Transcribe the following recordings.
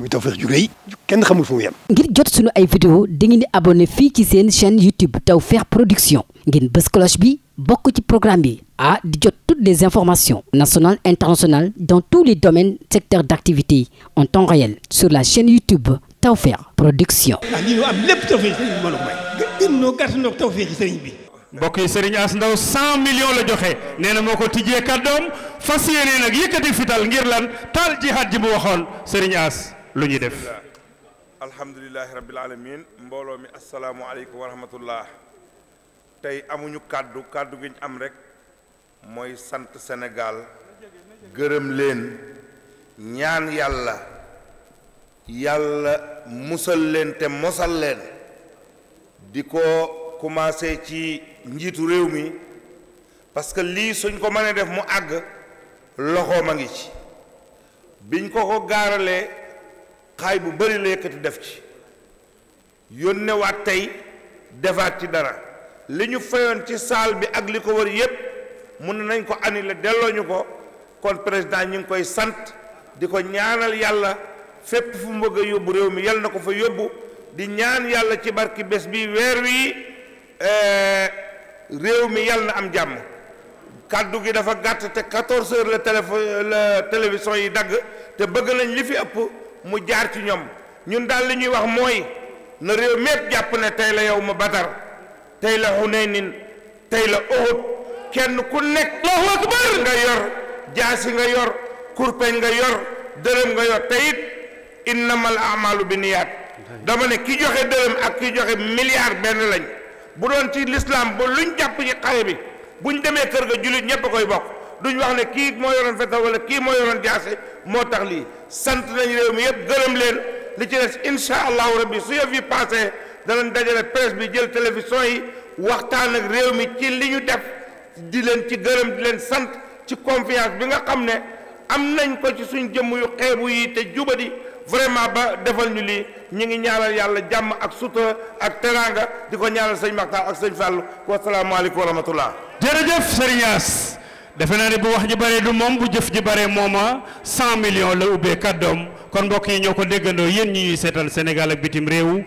muy Tawfekh ju rëy kenn xamul fu mu yem. ngir jot sunu ay vidéo dangeen di abonné fii ci seen chaîne YouTube Tawfekh Production ngeen bës cloche bi bokk ci programme bi a di jot toutes les informations nationales internationales dans tous les domaines secteurs d'activité en temps réel sur la chaîne YouTube Tawfekh Production. ah lii am lépp Tawfekh sëriñ bi bi. mbokk yi Serigne As Ndaw 100 la joxe nee moo ko tijjee kàddoom fas yéene nag yëkkati fital ngir lu ñuy def alhamdulilahi rabbil alamin mbooloo mi asalaamualeykum wa rahmatullah tey amuñu kàddu kàddu gi ñu am rek mooy sant senegaal gërëm leen ñaan yàlla yàlla musal leen te mosal leen di ko commencé ci njiitu réew mi parce que lii suñ ko mënee def mu àgg loxoom a ngi ci biñ ko ko gaaralee xaay bu bari la yëkkati def ci yónnewaat tey defaat ci dara li ñu fayoon ci saal bi ak li ko wër yépp mun nañ ko annulé delloo ñu ko kon président ñu ngi koy sant di ko ñaanal yàlla fépp fu mu bëgg a yóbbu réew mi yàlla na ko fa yóbbu di ñaan yàlla ci barki bés bi weer wi eh, réew mi yàlla na am jàmm kàddu gi dafa gàtt te 14 la téléphone la télévision yi dagg te bëgg nañ li fi ëpp mu jaar ci ñoom ñun daal li ñuy wax mooy na réew mépp jàpp ne tey la yow ma Badar tey la Hunaynin tey la Uhud kenn ku nekk Allahu akbar nga yor jaasi nga yor kurpeñ nga yor dërëm nga yor te it innamal amalu bi niyaat dama ne ki joxe dërëm ak ki joxe milliard benn lañ bu doon ci lislaam ba luñ jàpp ci xare bi buñ demee kër ga jullit ñépp a koy bokk duñ wax ne kii moo yoroon fetal wala kii moo yoroon jaasi moo tax lii sant nañ réew mi yëpp gërëm leen li ci des incha allahu rabbi su yëf yi passé danañ dajale presse bi jël télévision yi waxtaan ak réew mi ci li ñu def di leen ci gërëm di leen sant ci confiance bi nga xam ne am nañ ko ci suñ jëmm yu xeebu yi te jubadi vraiment ba defal ñu lii ñu ngi ñaanal yàlla jàmm ak sutura ak teraanga di ko ñaanal sëñ Maxtaar ak sëñ Fàllu wasalaamaaleykum wa rahmatullah jërëjëf sëriñ Yaas defe naa ne bu wax ji bare du moom bu jëf ji bare mooma cent millions la ubbee kàddoom kon mbokk yi ñoo ko déggandoo yéen ñi ñuy seetal Sénégal ak bitim réew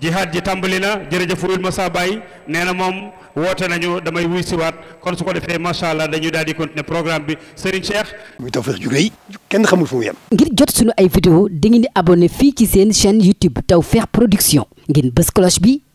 jihaad ji tàmbali na jërëjëf Wilma Sabay nee na moom woote nañu damay wuy siwaat kon su ko defee macha allah dañuy daal di continuer programme bi Serigne Cheikh. muy Tawfekh ju rëy kenn xamul fu mu ngir jot suñu ay vidéo dangeen di abonné fii ci seen chaîne YouTube Tawfekh Production ngeen bës cloche bi.